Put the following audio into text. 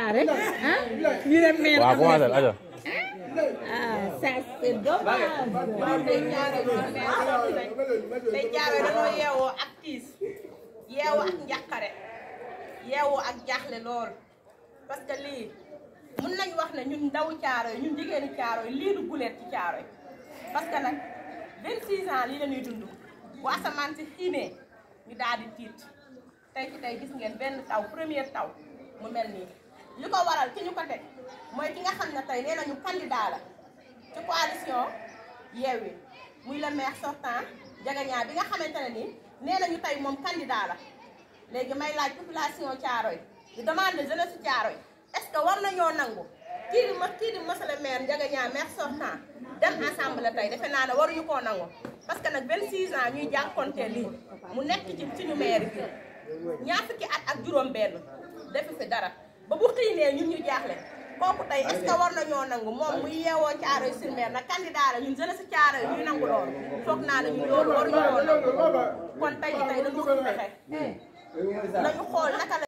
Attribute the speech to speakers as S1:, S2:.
S1: waaw commencé la aja yeewoo ak tiis yeewoo ak njàqare yeewoo ak jaaxle lool parce que lii mun nañ wax ne ñun ndaw Caaroy ñun jigéenu Caaroy lii du guleet ci Caaroy parce que nag vingt-six ans lii la ñuy dund asamaan si xiinee ñu daal di tiit tey ci tey gis ngeen benn taw première taw mu mel nii li ko waral ki ñu ko teg mooy ki nga xam ne tey nee nañu candidat la ci coalition Yewwi muy le maire sortant jagañaa bi nga xamante ne nii nee ñu tey moom candidat la léegi may laaj population Thiaroye di demande jeunesse Thiaroye est-ce que war nañoo nangu kii di ma kii di monsieur le maire jagañaa maire sortant dem assemblée tey defe naa ne waruñu koo nangu parce que nag 26 ans ñuy jànkoonte lii mu nekk ci suñu maire bi ñaar fukki at ak juróom benn defu fi dara ba bu xiinee ñun ñu jaaxle kooku tey est-ce que na nañoo nangu moom muy yeewoo caaro yu na mer nag candidat la ñun jeunesse caaro yi ñu nangu loolu foog naa ne ñun loolu war nañoo nangu kon tey ji tey dañu suñu pexe hmm. nañu xool naka la